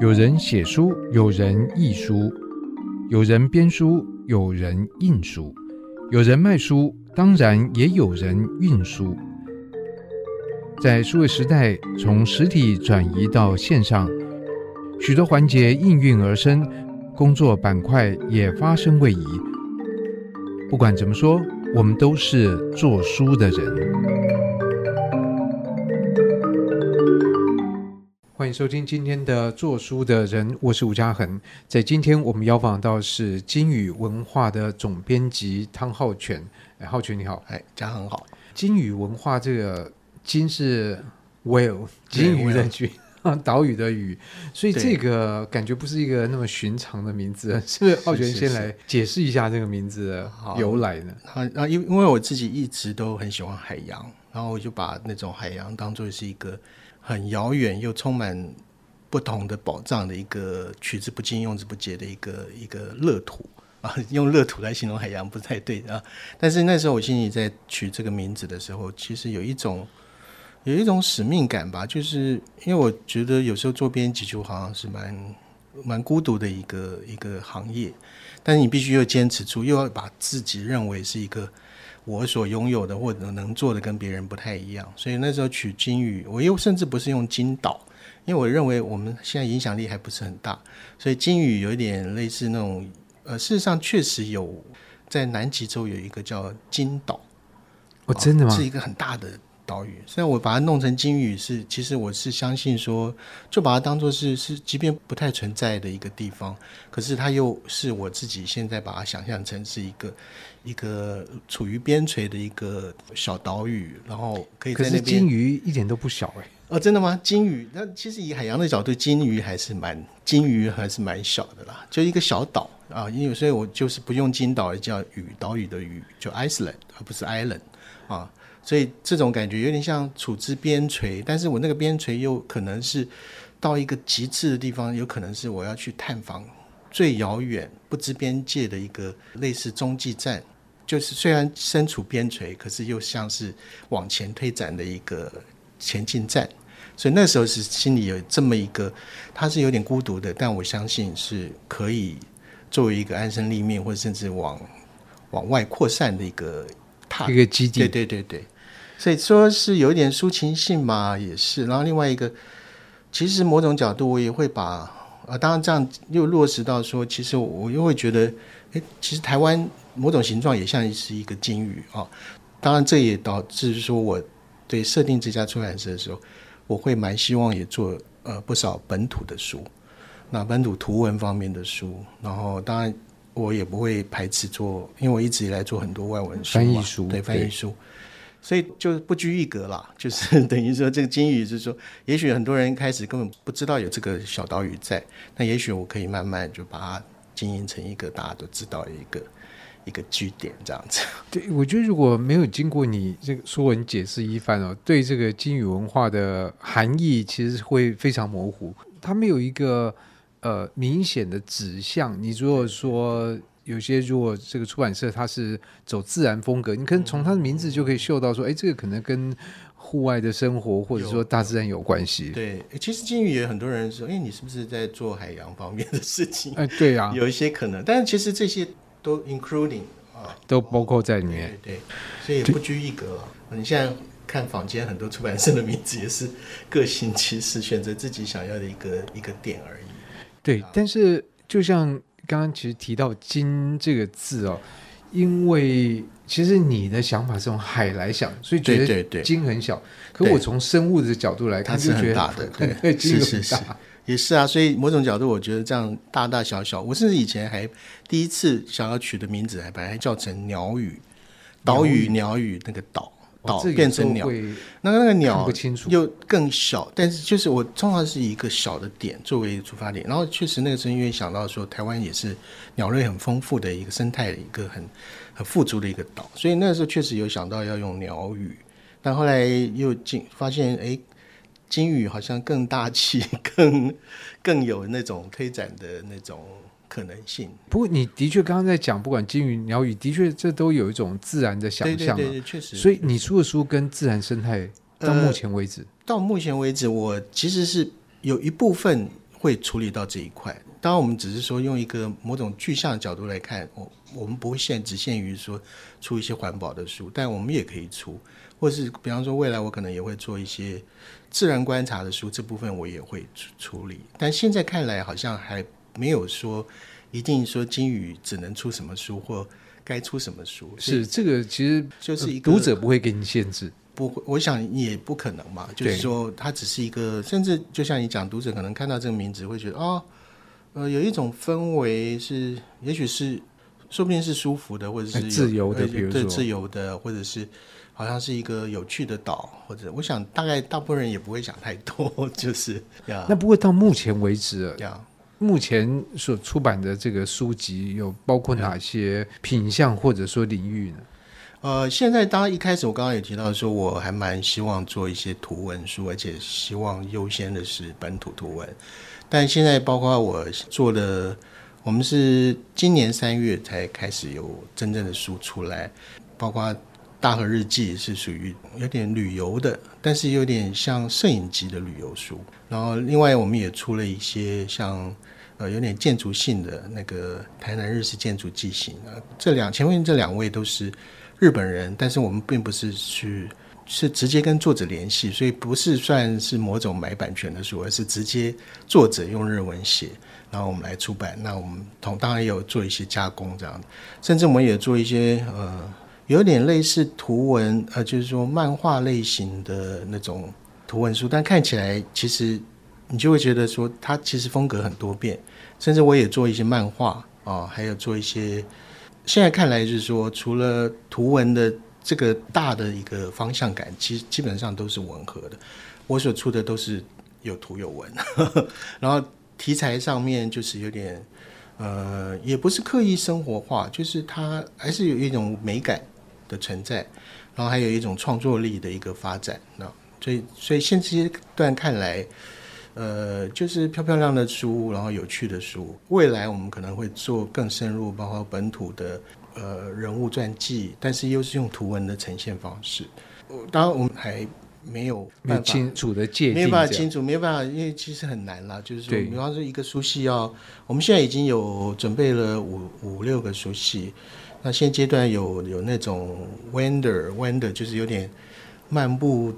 有人寫書，有人譯書，有人編書，有人印書，有人賣書，當然也有人運書。在數位時代，從實體轉移到線上，許多環節應運而生，工作板塊也發生位移。不管怎麼說，我們都是做書的人。歡迎收聽今天的做書的人，我是吳家恆。在今天，我們邀訪到是，鯨嶼文化的總編輯湯皓全，哎。皓全，你好！哎，家恆好。鯨嶼文化，這個金是 whale，well, 鯨魚的鯨。對 島嶼的嶼。所以這個感覺不是一個那麼尋常的名字，對是不是？皓全，先來解釋一下這個名字的由來呢？啊，因因為我自己一直都很喜歡海洋，然後我就把那種海洋當作是一個。很遙遠又充滿不同的寶藏的一個取之不盡用之不竭的一個一個樂土啊，用樂土來形容海洋不太對啊。但是那時候我心裡在取這個名字的時候，其實有一種有一種使命感吧，就是因為我覺得有時候做編輯就好像是蠻蠻孤獨的一個一個行業，但是你必須要堅持住，又要把自己認為是一個。我所擁有的或者能做的跟別人不太一樣，所以那時候取鯨嶼，我又甚至不是用鯨島，因為我認為我們現在影響力還不是很大，所以鯨嶼有點類似那種，呃，事實上確實有在南極洲有一個叫鯨島，哦，真的嗎、哦？是一個很大的。島嶼，雖然我把它弄成鯨嶼是，是其實我是相信說，就把它當做是是，是即便不太存在的一個地方，可是它又是我自己現在把它想象成是一個一個處於邊陲的一個小島嶼，然後可以在那邊。可是鯨嶼一點都不小哎、欸！哦，真的嗎？鯨嶼。那其實以海洋的角度，鯨嶼還是蠻鯨嶼還是蠻小的啦，就一個小島啊。因為所以，我就是不用鯨島而叫嶼島嶼的嶼，就 Iceland 而不是 Island 啊。所以這種感覺有點像處之邊陲，但是我那個邊陲又可能是到一個極致的地方，有可能是我要去探訪最遙遠不知邊界的一個類似中繼站，就是雖然身處邊陲，可是又像是往前推展的一個前進站。所以那時候是心裡有這麼一個，它是有點孤獨的，但我相信是可以作為一個安身立命，或者甚至往往外擴散的一個。一個基地，對對對對，所以說是有一點抒情性嘛，也是。然後另外一個，其實某種角度我也會把，呃、啊，當然這樣又落實到說，其實我又會覺得，誒，其實台灣某種形狀也像是一個鯨魚啊、哦。當然這也導致說，我對設定這家出版社的時候，我會蠻希望也做呃不少本土的書，那本土圖文方面的書，然後當然。我也不會排斥做，因為我一直以來做很多外文翻譯書，對翻譯書，對所以就不拘一格啦。就是等於說，這個鯨嶼，就是說，也許很多人開始根本不知道有這個小島嶼在，那也許我可以慢慢就把它經營成一個大家都知道的一個一個據點這樣子。對，我覺得如果沒有經過你這個說文解釋一番哦，對這個鯨嶼文化的含義，其實會非常模糊。它沒有一個。呃，明顯的指向你。如果說有些，如果這個出版社它是走自然風格，你可能從它的名字就可以嗅到說，哎、欸，這個可能跟戶外的生活或者說大自然有關係。對，對、欸，其實鯨嶼也有很多人說，哎、欸，你是不是在做海洋方面的事情？哎、欸，對啊。有一些可能，但是其實這些都 including 啊、哦，都包括在裡面。哦、對，對，對，所以不拘一格。對對你現在看坊間很多出版社的名字也是個性，其實選擇自己想要的一個一個點而已。對，但是就像剛剛其實提到“鯨”這個字哦，因為其實你的想法是從海來想，所以覺得對對對，鯨很小。可我從生物的角度來看，是對很大的，對，是很大。也是啊，所以某種角度，我覺得這樣大大小小，我甚至以前還第一次想要取的名字，還把它叫成鳥語島嶼，鳥語那個島。島變成鳥，那個那個鳥又更小，但是就是我通常是以一個小的點作為一個出發點，然後確實那個時候因為想到說台灣也是鳥類很豐富的一個生態，一個很很富足的一個島，所以那個時候確實有想到要用鳥嶼，但後來又進，發現哎、欸、鯨嶼好像更大氣，更更有那種推展的那種。可能性。不過，你的確剛剛在講，不管鯨魚、鳥嶼，的確這都有一種自然的想象嘛、啊。確實。所以，你出的書跟自然生態到目前為止、嗯呃，到目前為止，我其實是有一部分會處理到這一塊。當然，我們只是說用一個某種具象的角度來看，我我們不會限只限於說出一些環保的書，但我們也可以出，或是比方說未來我可能也會做一些自然觀察的書，這部分我也會處理。但現在看來，好像還。沒有說一定說鯨嶼只能出什麼書，或該出什麼書，是以這個其實就是一個讀者不會給你限制，不。我想也不可能嘛。對就是說，它只是一個，甚至就像你講，讀者可能看到這個名字會覺得哦，呃，有一種氛圍是，也許是說不定是舒服的，或者是，哎、自由的，呃、比如說對自由的，或者是好像是一個有趣的島，或者我想大概大部分人也不會想太多，就是那不會到目前為止，啊。這樣目前所出版的這個書籍有包括哪些品項，或者說領域呢？呃，現在當然一開始我剛剛也提到說，我還蠻希望做一些圖文書，而且希望優先的是本土圖文。但現在包括我做的，我們是今年三月才開始有真正的書出來，包括。大和日記是屬於有點旅遊的，但是有點像攝影集的旅遊書。然後另外我們也出了一些像呃有點建築性的那個台南日式建築紀行啊。這兩前面這兩位都是日本人，但是我們並不是去是直接跟作者聯繫，所以不是算是某種買版權的書，而是直接作者用日文寫，然後我們來出版。那我們同當然也有做一些加工這樣，甚至我們也做一些呃。有點類似圖文，呃，就是說漫畫類型的那種圖文書，但看起來其實你就會覺得說它其實風格很多變，甚至我也做一些漫畫啊，哦，還有做一些。現在看來就是說，除了圖文的這個大的一個方向感，其實基本上都是吻合的。我所出的都是有圖有文，呵呵，然後題材上面就是有點，呃，也不是刻意生活化，就是它還是有一種美感的存在，然後還有一種創作力的一個發展，那、啊、所以所以現階段看來，呃，就是漂漂亮的書，然後有趣的書，未來我們可能會做更深入，包括本土的呃人物傳記，但是又是用圖文的呈現方式。當然，我們還沒有辦法沒清楚的界定，沒有辦法清楚，沒有辦法，因為其實很難啦。就是對比方說一個書系要，我們現在已經有準備了五五六個書系。那現階段有有那種 wonder wonder 就是有點漫步，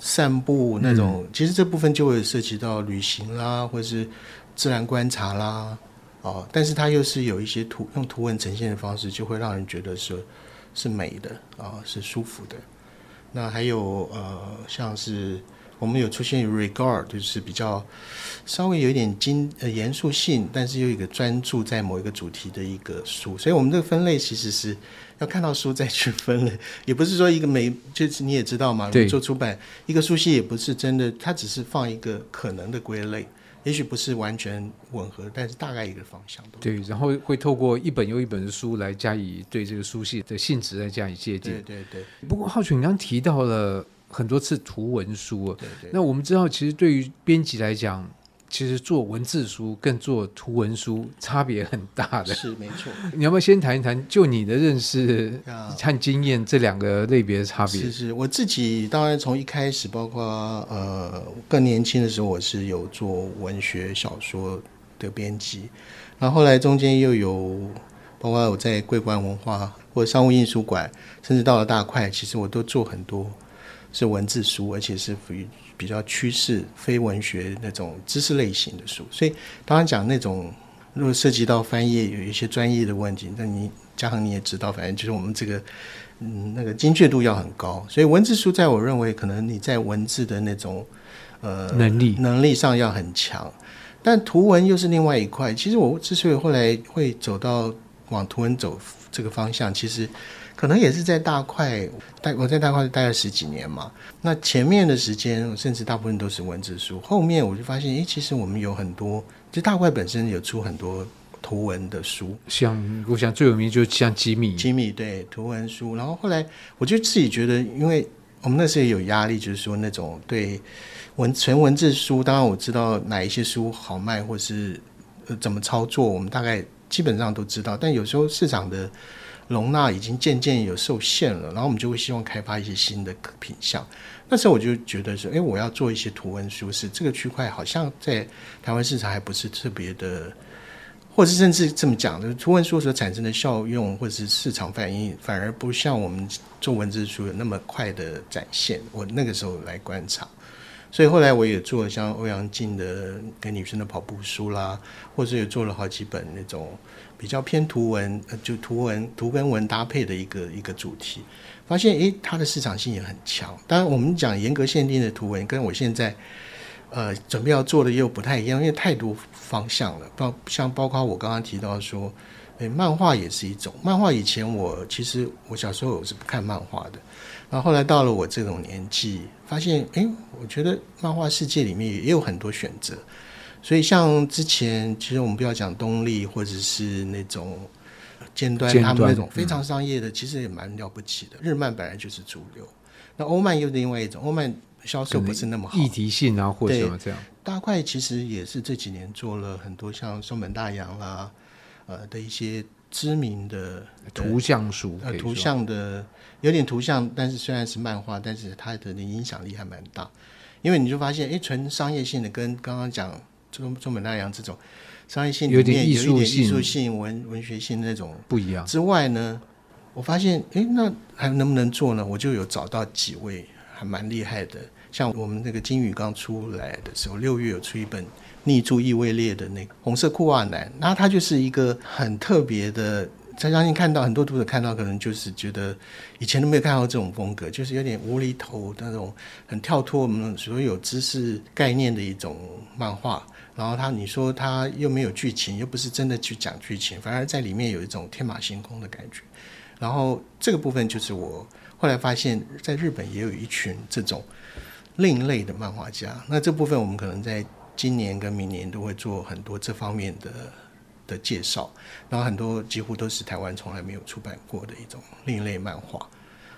散步那種。嗯、其實這部分就會涉及到旅行啦，或是自然觀察啦，啊、哦，但是它又是有一些圖用圖文呈現的方式，就會讓人覺得說是，是美的啊、哦，是舒服的。那還有呃，像是。我們有出現 regard，就是比較稍微有一點精呃嚴肅性，但是又有一個專注在某一個主題的一個書，所以我們這個分類其實是要看到書再去分類，也不是說一個沒就是你也知道嘛，做出版對一個書系也不是真的，它只是放一個可能的歸類，也許不是完全吻合，但是大概一個方向。對，然後會透過一本又一本的書來加以對這個書系的性質來加以界定。對對對。不過皓全，剛提到了。很多次圖文書，對對對，那我們知道，其實對於編輯來講，其實做文字書跟做圖文書差別很大的。是沒錯，你要不要先談一談，就你的認識和經驗這兩個類別的差別？是是，我自己當然從一開始，包括呃更年輕的時候，我是有做文學小說的編輯，然後後來中間又有包括我在桂冠文化，或商務印書館，甚至到了大塊，其實我都做很多。是文字書，而且是比比較趨勢非文學那種知識類型的書，所以當然講那種如果涉及到翻譯，有一些專業的問題，那你家恆你也知道，反正就是我們這個嗯那個精確度要很高，所以文字書在我認為可能你在文字的那種呃能力能力上要很強，但圖文又是另外一塊。其實我之所以後來會走到往圖文走。這個方向其實，可能也是在大塊，我在大塊待了十幾年嘛。那前面的時間，甚至大部分都是文字書。後面我就發現，哎，其實我們有很多，就大塊本身有出很多圖文的書，像我想最有名就是像幾米，幾米對圖文書。然後後來我就自己覺得，因為我們那時候也有壓力，就是說那種對文純文字書，當然我知道哪一些書好賣，或是呃怎麼操作，我們大概。基本上都知道，但有時候市場的容納已經漸漸有受限了。然後我們就會希望開發一些新的品項。那時候我就覺得說，誒、欸，我要做一些圖文書，是這個區塊好像在台灣市場還不是特別的，或者甚至這麼講的，圖文書所產生的效用或者是市場反應，反而不像我們做文字書有那麼快的展現。我那個時候來觀察。所以後來我也做了像歐陽靖的給女生的跑步書啦，或者也做了好幾本那種比較偏圖文，就圖文圖跟文搭配的一個一個主題，發現誒它的市場性也很強。當然我們講嚴格限定的圖文，跟我現在呃準備要做的又不太一樣，因為太多方向了。包像包括我剛剛提到說，誒，漫畫也是一種。漫畫以前我其實我小時候我是不看漫畫的。然後後來到了我這種年紀，發現誒，我覺得漫畫世界裡面也有很多選擇，所以像之前，其實我們不要講東立或者是那種尖端，尖端他們那種非常商業的，嗯、其實也蠻了不起的。日漫本來就是主流，那歐漫又另外一種，歐漫銷售不是那麼好，議題性啊或什麼這樣。大塊其實也是這幾年做了很多像松本大洋啦，呃的一些。知名的圖像書，呃、圖像的有點圖像，但是雖然是漫畫，但是它的影響力還蠻大。因為你就發現，哎、欸，純商業性的跟剛剛講中中本大洋這種商業性裡面有點藝術性、性文文學性那種不一樣。之外呢，我發現，哎、欸，那還能不能做呢？我就有找到幾位還蠻厲害的，像我們那個鯨嶼剛出來的時候，六月有出一本。逆注意味裂的那個紅色褲襪男，那他就是一個很特別的，才相信看到很多讀者看到，可能就是覺得以前都沒有看到這種風格，就是有點無厘頭的那種很跳脫我們所有知識概念的一種漫畫。然後他，你說他又沒有劇情，又不是真的去講劇情，反而在裡面有一種天馬行空的感覺。然後這個部分就是我後來發現，在日本也有一群這種另類的漫畫家。那這部分我們可能在。今年跟明年都會做很多這方面的的介紹，然後很多幾乎都是台灣從來沒有出版過的一種另類漫畫。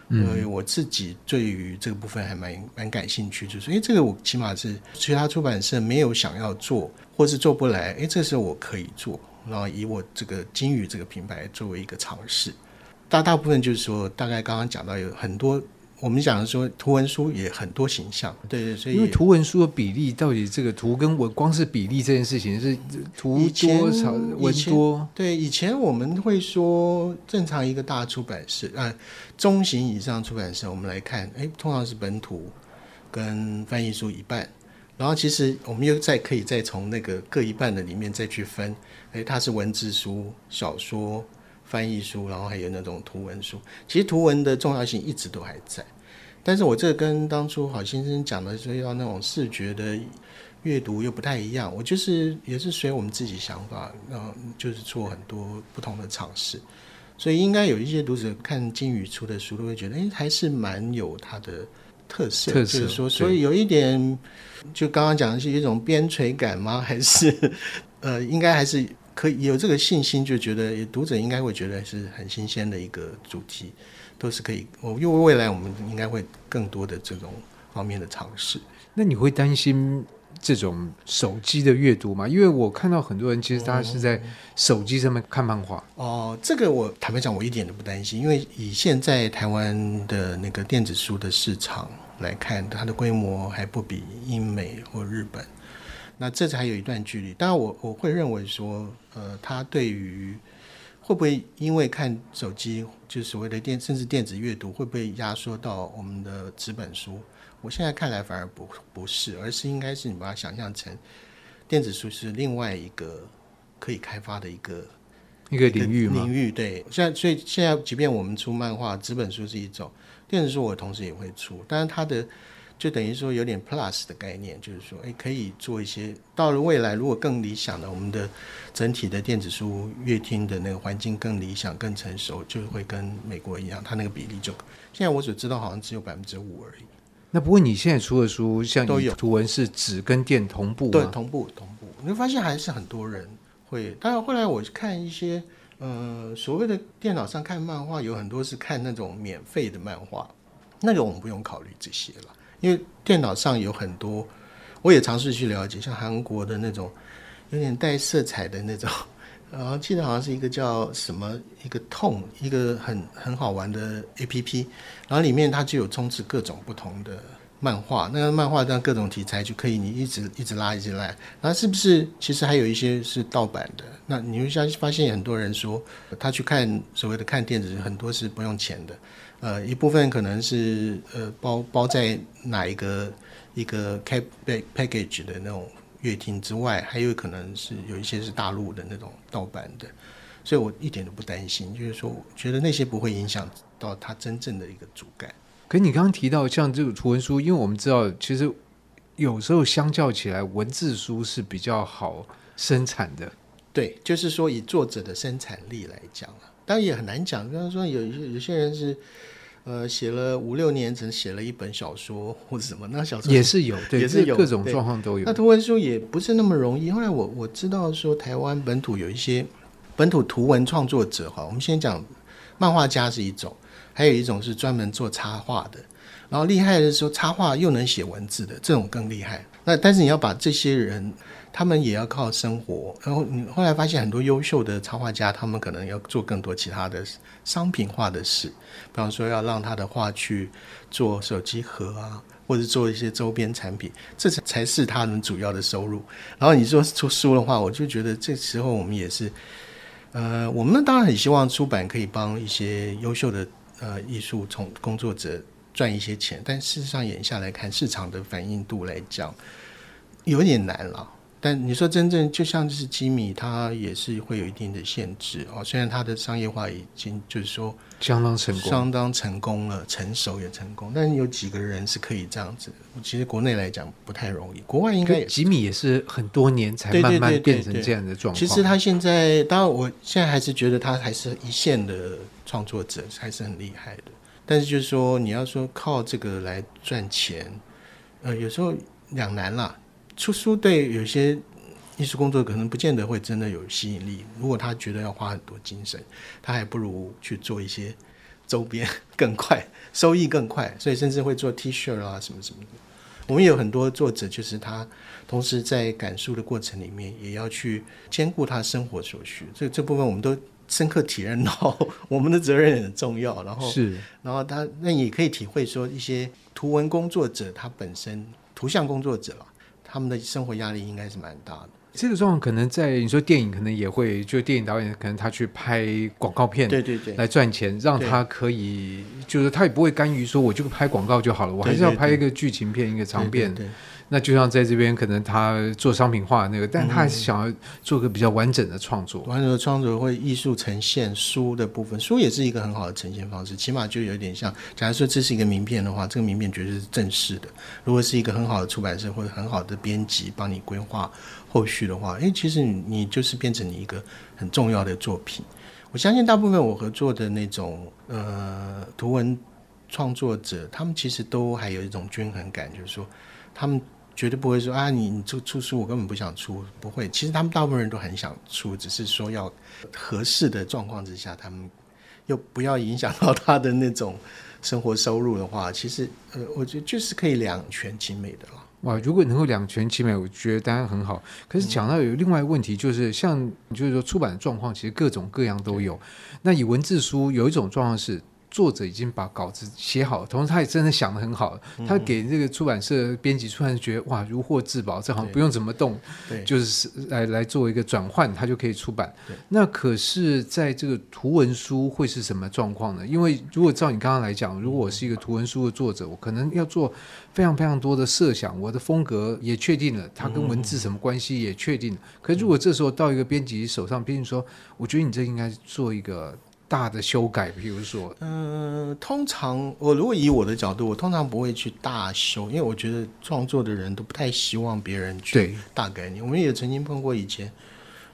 嗯，我自己對於這個部分還蠻蠻感興趣，就是，誒，這個我起碼是其他出版社沒有想要做，或是做不來，誒，這個時候我可以做，然後以我這個鯨嶼這個品牌作為一個嘗試。大大部分就是說，大概剛剛講到有很多。我們講說，圖文書也很多形象，對對，所以因為圖文書的比例，到底這個圖跟文，光是比例這件事情是圖多少前文多？對，以前我們會說，正常一個大出版社，啊、呃、中型以上出版社，我們來看，哎，通常是本土跟翻譯書一半，然後其實我們又再可以再從那個各一半的裡面再去分，哎，它是文字書小說。翻譯書，然後還有那種圖文書，其實圖文的重要性，一直都還在。但是我這個跟當初郝先生講的所以要那種視覺的閱讀又不太一樣。我就是也是隨我們自己想法，然後就是做很多不同的嘗試。所以應該有一些讀者看鯨嶼出的書都會覺得，哎，還是蠻有它的特色，特色就是說，所以有一點，對就剛剛講的是一種邊陲感嗎？還是，啊、呃，應該還是。可以有這個信心，就覺得讀者應該會覺得是很新鮮的一個主題，都是可以。我、哦、因為未來我們應該會更多的這種方面的嘗試。那你會擔心這種手機的閱讀嗎？因為我看到很多人其實他是在手機上面看漫畫。嗯、哦，這個我坦白講，我一點都不擔心，因為以現在台灣的那個電子書的市場來看，它的規模還不比英美或日本。那這次還有一段距離，當然我我會認為說，呃，他對於會不會因為看手機，就是所謂的電，甚至電子閱讀，會不會壓縮到我們的紙本書？我現在看來反而不不是，而是應該是你把它想象成電子書是另外一個可以開發的一個一個領域嗎？一個領域。對，現在所以現在，即便我們出漫畫，紙本書是一種電子書，我同時也會出，但是它的。就等於說有點 plus 的概念，就是說，哎，可以做一些。到了未來，如果更理想的，我們的整體的電子書閱聽的那個環境更理想、更成熟，就會跟美國一樣，它那個比例就現在我所知道好像只有百分之五而已。那不過你現在出的書，像都有圖文是紙跟電同步嗎？對，同步同步。你會發現還是很多人會。當然，後來我看一些呃所謂的電腦上看漫畫，有很多是看那種免費的漫畫，那個我們不用考慮這些了。因為電腦上有很多，我也嘗試去了解，像韓國的那種，有點帶色彩的那種，然後記得好像是一個叫什麼一個痛一個很很好玩的 APP，然後裡面它就有充斥各種不同的漫畫，那個漫畫這樣各種題材就可以你一直一直拉一直拉，然後是不是其實還有一些是盜版的？那你會發現很多人說他去看所謂的看電子很多是不用錢的。呃，一部分可能是呃包包在哪一個一個 cap package 的那種樂廳之外，還有可能是有一些是大陸的那種盜版的，所以我一點都不擔心，就是說我覺得那些不會影響到它真正的一個主幹。可是你剛剛提到像這個圖文書，因為我們知道其實有時候相較起來，文字書是比較好生產的，對，就是說以作者的生產力來講啊，當然也很難講，但是說有有些人是。呃，寫了五六年，只寫了一本小說或者什麼，那小說是也是有，對也是有，是各種狀況都有。那圖文書也不是那麼容易。後來我我知道說，台灣本土有一些本土圖文創作者哈，我們先講漫畫家是一種，還有一種是專門做插畫的，然後厲害的是說插畫又能寫文字的，這種更厲害。那但是你要把這些人。他們也要靠生活，然後你後來發現很多優秀的插畫家，他們可能要做更多其他的商品化的事，比方說要讓他的畫去做手機殼啊，或者做一些周邊產品，這才才是他們主要的收入。然後你說出書的話，我就覺得這時候我們也是，呃，我們當然很希望出版可以幫一些優秀的呃藝術從工作者賺一些錢，但事實上眼下來看，市場的反應度來講，有點難了。但你說真正就像就是吉米，他也是會有一定的限制哦。雖然他的商業化已經就是說相當成功，相當成功了，成熟也成功，但是有幾個人是可以這樣子？其實國內來講不太容易，國外應該吉米也是很多年才慢慢變成這樣的狀況。其實他現在當然，我現在還是覺得他還是一線的創作者，還是很厲害的。但是就是說，你要說靠這個來賺錢，呃，有時候兩難啦。出書對有些藝術工作可能不見得會真的有吸引力。如果他覺得要花很多精神，他還不如去做一些周邊更快，收益更快。所以甚至會做 T 恤啊什麼什麼的。我們有很多作者，就是他同時在趕書的過程裡面，也要去兼顧他生活所需。所以這部分我們都深刻體驗到，我們的責任也很重要。然後是，然後他那也可以體會說，一些圖文工作者，他本身圖像工作者了。他們的生活壓力應該是蠻大的。這個狀況可能在你說電影，可能也會就電影導演，可能他去拍廣告片，對對對，來賺錢，讓他可以，對就是他也不會甘於說我就拍廣告就好了，我還是要拍一個劇情片，對對對，一個長片。對對對那就像在這邊，可能他做商品化那個，但他還是想要做個比較完整的創作。完整的創作會藝術呈現書的部分，書也是一個很好的呈現方式。起碼就有點像，假如說這是一個名片的話，這個名片絕對是正式的。如果是一個很好的出版社，或者很好的編輯幫你規劃後續的話，為、欸、其實你，你就是變成你一個很重要的作品。我相信大部分我合作的那種呃圖文創作者，他們其實都還有一種均衡感，就是說他們。絕對不會說啊，你你出出書我根本不想出，不會。其實他們大部分人都很想出，只是說要合適的狀況之下，他們又不要影響到他的那種生活收入的話，其實呃，我覺得就是可以兩全其美的了。哇，如果能夠兩全其美，我覺得當然很好。可是講到有另外一個問題，嗯、就是像就是說出版的狀況，其實各種各樣都有。對那以文字書有一種狀況是。作者已經把稿子寫好了，同時他也真的想得很好。他給這個出版社，嗯、編輯，突然覺得哇，如獲至寶，正好不用怎麼動，就是來來做一個轉換，他就可以出版。對那可是，在這個圖文書會是什麼狀況呢？因為如果照你剛剛來講，如果我是一個圖文書的作者，我可能要做非常非常多的設想，我的風格也確定了，它跟文字什麼關係也確定了。嗯、可是如果這時候到一個編輯手上，編輯說：“我覺得你這應該做一個。”大的修改，比如說，嗯、呃，通常我如果以我的角度，我通常不會去大修，因為我覺得創作的人都不太希望別人去大改你。對我們也曾經碰過以前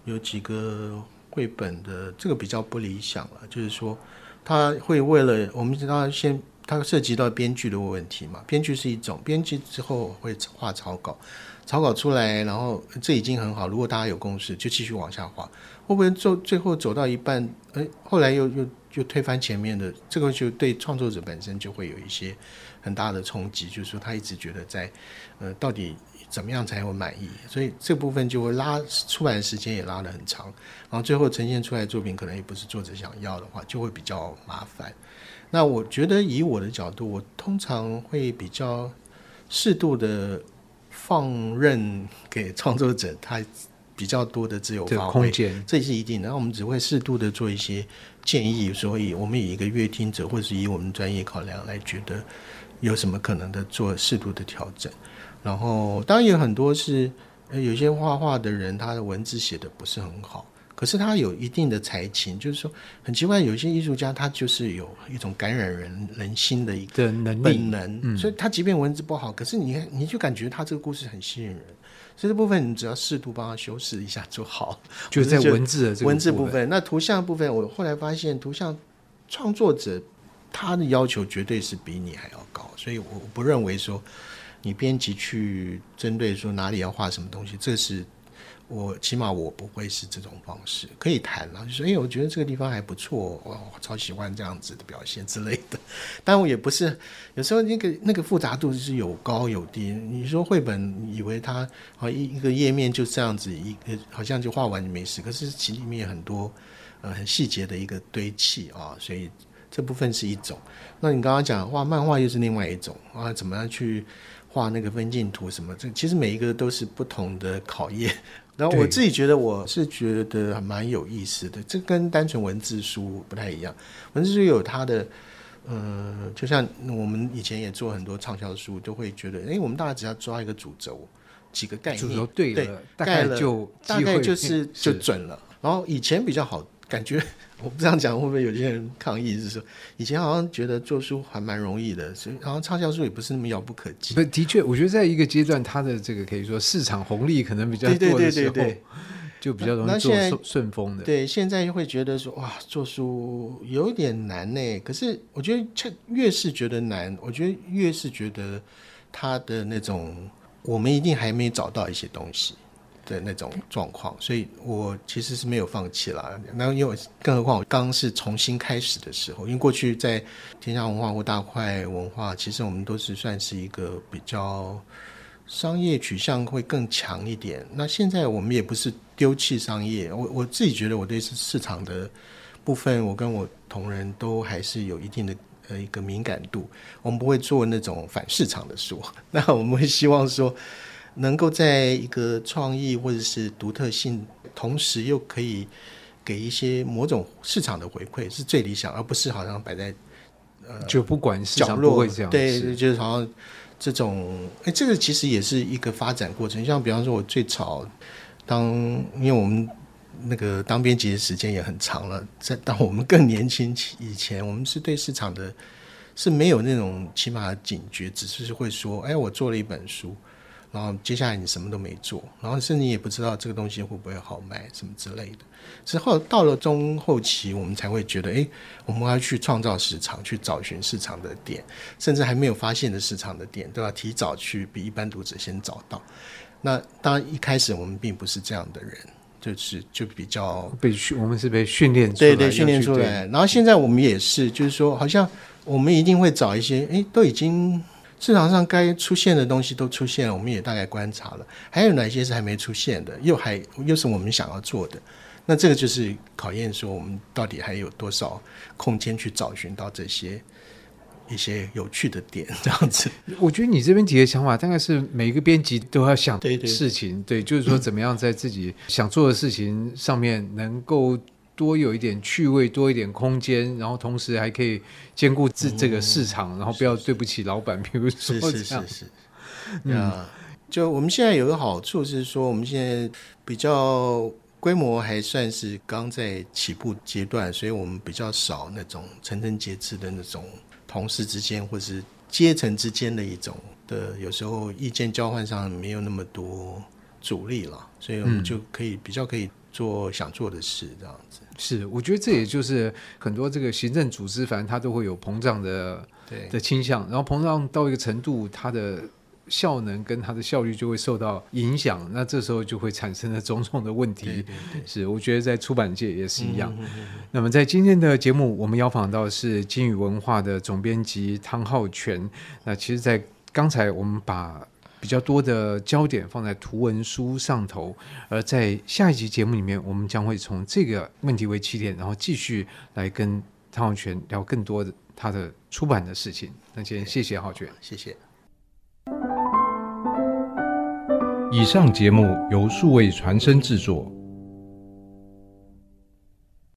有幾個繪本的，這個比較不理想了，就是說他會為了我們知道先，它涉及到編劇的問題嘛，編劇是一種，編劇之後會畫草稿，草稿出來，然後這已經很好，如果大家有共識，就繼續往下畫，會不會就最後走到一半，哎，後來又又又推翻前面的，這個就對創作者本身就會有一些很大的衝擊，就是說他一直覺得在，呃，到底怎麼樣才會滿意？所以這部分就會拉出來的時間也拉得很長，然後最後呈現出來的作品可能也不是作者想要的話，就會比較麻煩。那我覺得以我的角度，我通常會比較適度的放任給創作者他比較多的自由空間，這是一定的。然後我們只會適度的做一些建議，嗯、所以我們以一個閱聽者，或是以我們專業考量來覺得有什麼可能的做適度的調整。然後當然有很多是有些畫畫的人，他的文字寫的不是很好，可是他有一定的才情，就是說很奇怪，有一些藝術家他就是有一種感染人人心的一個本能，能所以他即便文字不好，嗯、可是你你就感覺他這個故事很吸引人。所以這部分你只要適度幫他修飾一下就好，就在文字這個文字部分。那圖像部分，我後來發現圖像創作者他的要求絕對是比你還要高，所以我我不認為說你編輯去針對說哪裡要畫什麼東西，這是。我起碼我不會是這種方式，可以談了，就是、說哎、欸，我覺得這個地方還不錯，我超喜歡這樣子的表現之類的。但我也不是，有時候那個那個複雜度是有高有低。你說繪本，以為它好，一一個頁面就這樣子一，好像就畫完就沒事。可是其實裡面很多呃很細節的一個堆砌啊，所以這部分是一種。那你剛剛講畫漫畫又是另外一種啊，怎麼樣去畫那個分鏡圖什麼？這其實每一個都是不同的考驗。然後我自己覺得，我是覺得蠻有意思的。對這跟單純文字書不太一樣，文字書有它的，呃，就像我們以前也做很多暢銷書，都會覺得，哎、欸，我們大概只要抓一個主軸，幾個概念，主軸，對，對，大概就大概就是就準了。是然後以前比較好。感覺我不知道，講，會不會有些人抗議？是說以前好像覺得做書還蠻容易的，所以好像暢銷書也不是那麼遙不可及。不，的確，我覺得在一個階段，它的這個可以說市場紅利可能比較多的時候，對對對對對，就比較容易做順風的。對，現在就會覺得說哇，做書有點難呢、欸。可是我覺得，趁，越是覺得難，我覺得越是覺得它的那種，我們一定還沒找到一些東西的那種狀況，所以我其實是沒有放棄啦。然後因為我，更何況我剛是重新開始的時候，因為過去在天下文化或大塊文化，其實我們都是算是一個比較商業取向會更強一點。那現在我們也不是丟棄商業，我我自己覺得我對市場的部分，我跟我同仁都還是有一定的呃一個敏感度。我們不會做那種反市場的書，那我們會希望說能夠在一個創意或者是獨特性，同時又可以給一些某種市場的回饋，是最理想，而不是好像擺在呃，就不管是角落，會這樣子，對對，就是好像這種哎，這個其實也是一個發展過程。像比方說，我最早當，因為我們那個當編輯的時間也很長了，在當我們更年輕以前，我們是對市場的是沒有那種起碼警覺，只是會說，哎，我做了一本書。然後接下來你什麼都沒做，然後甚至你也不知道這個東西會不會好賣什麼之類的。之後到了中後期，我們才會覺得，哎，我們要去創造市場，去找尋市場的點，甚至還沒有發現的市場的點，都要提早去比一般讀者先找到。那當然一開始我們並不是這樣的人，就是就比較被訓，我們是被訓練出來、嗯，對對，訓練出來。訓練出來。對，然後現在我們也是，就是說，好像我們一定會找一些，哎，都已經。市場上該出現的東西都出現了，我們也大概觀察了，還有哪些是還沒出現的，又還又是我們想要做的，那這個就是考驗說我們到底還有多少空間去找尋到這些一些有趣的點，這樣子。我覺得你這邊幾個想法，大概是每一個編輯都要想事情，對，對，對，就是說怎麼樣在自己想做的事情上面能夠。多有一點趣味，多一點空間，然後同時還可以兼顧自、嗯、這個市場，然後不要對不起老闆。是是比如說是是，是是，這樣、嗯，啊，就我們現在有個好處是說，我們現在比較規模還算是剛在起步階段，所以我們比較少那種層層節制的那種同事之間或是階層之間的一種的，有時候意見交換上沒有那麼多阻力了，所以我們就可以比較可以。做想做的事，這樣子是，我覺得這也就是很多這個行政組織，反正它都會有膨脹的對的傾向，然後膨脹到一個程度，它的效能跟它的效率就會受到影響，那這時候就會產生了種種的問題。對對對，是，我覺得在出版界也是一樣。嗯嗯嗯嗯，那麼在今天的節目，我們邀訪到的是鯨嶼文化的總編輯湯皓全。那其實，在剛才我們把。比較多的焦點放在圖文書上頭，而在下一集節目裡面，我們將會從這個問題為起點，然後繼續來跟湯皓全聊更多的他的出版的事情。那先謝謝皓全，謝謝。以上節目由數位傳聲制作。